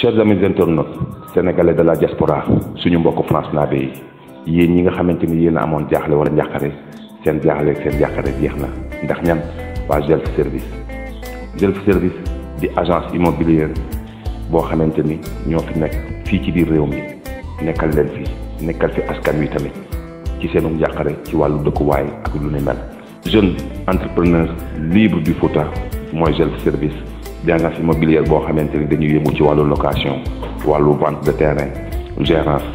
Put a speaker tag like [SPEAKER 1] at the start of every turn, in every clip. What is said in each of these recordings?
[SPEAKER 1] chers amis internautes sénégalais de la diaspora suñu mbokk France naabe yi yéen ñi nga xamante ni yéen a amoon jaaxle wala njàqare seen jaaxle seen njàqare jeex na ndax ñan waa Jelf Service Jelf Service di agence immobilière boo xamante ni ñoo fi nekk fii ci biir réew mi nekkal leen fi nekkal fi askan wi tamit ci seenu njàqare ci wàllu dëkkuwaay ak lu ni mel jeune entrepreneur libre du Fouta mooy Jelf Service di agence immobilière boo xamante ni dañuy yëngu ci wàllu location wàllu vente de terrain gérance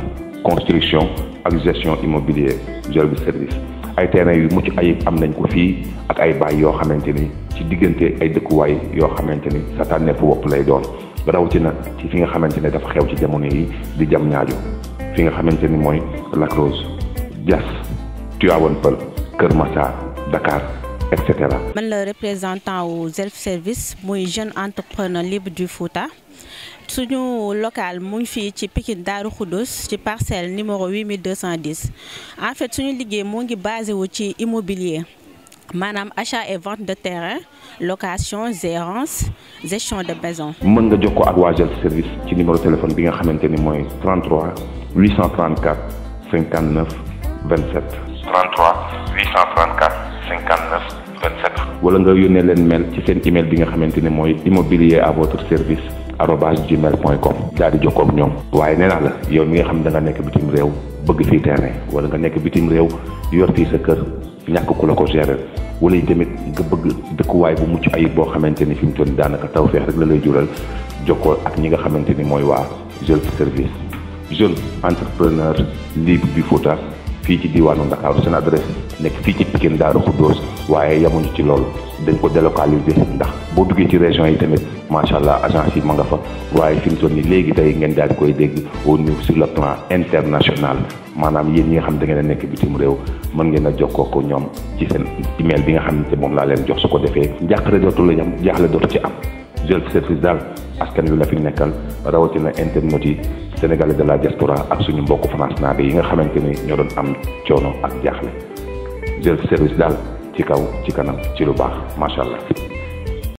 [SPEAKER 1] construction ak gestion immobilière gère bi service ay terrain yu mucc ayib am nañ ko fii ak ay baay yoo xamante ni ci diggante ay dëkkuwaay yoo xamante ni sa tànneefu bopp lay doon rawatina ci fi nga xamante ne dafa xew ci jamono yi di jam ñaajo fi nga xamante ni mooy Lac Rose Diass Tivaouane Kër Massar Dakar et cetera.
[SPEAKER 2] man la représentant u Zelf Service muy jeune entrepreneur libre du Fouta suñu local mu fii ci Pikine Daaru Xudus ci parcelle numéro 8210 en fait suñu liggéey moo ngi basé wu ci immobilier maanaam achat et vente de terrain location gérance gestion de maison.
[SPEAKER 1] mën nga jox ko ak waa Zelf Service ci numéro téléphone bi nga xamante ni mooy 33 834 59 27. 33 834 59 nga yónnee leen mel ci seen email bi nga xamante ni mooy immobilier à votre service arobase gmail point com daal di jokkoo ak ñoom. waaye nee naa la yow mi nga xam ne nga nekk bitim réew bëgg fii terrain wala nga nekk bitim réew yor fii sa kër ñàkk ku la ko gérer wala yi tamit nga bëgg dëkkuwaay bu mucc ay boo xamante ni fi mu toll daanaka taw feex rek la lay jural jokkoo ak ñi nga xamante ni mooy waa Jeunes service jeune entrepreneur libre du Fouta. fii ci diwaanu Ndakaaru seen adresse nekk fii ci Pikine Daaru Xuddoos waaye yamuñu ci lool dañ ko délocaliser ndax boo duggee ci région yi tamit macha allah agence yi ma nga fa waaye fi mu toll léegi tey ngeen daal di koy dégg au niveau sur le plan international maanaam yéen ñi nga xam da ngeen a nekk bitim réew mën ngeen a jokkoo ko ñoom ci seen email bi nga xam ne moom laa leen jox su ko defee njàqare dootu la ñam jaaxle dootu ci am jël service daal askan wi la fi nekkal rawatina internet yi. sénégalais de la diaspora ak suñu mbokk France naa yi nga xamante ne ñoo doon am coono ak jaaxle jël service daal ci kaw ci kanam ci lu baax macha allah.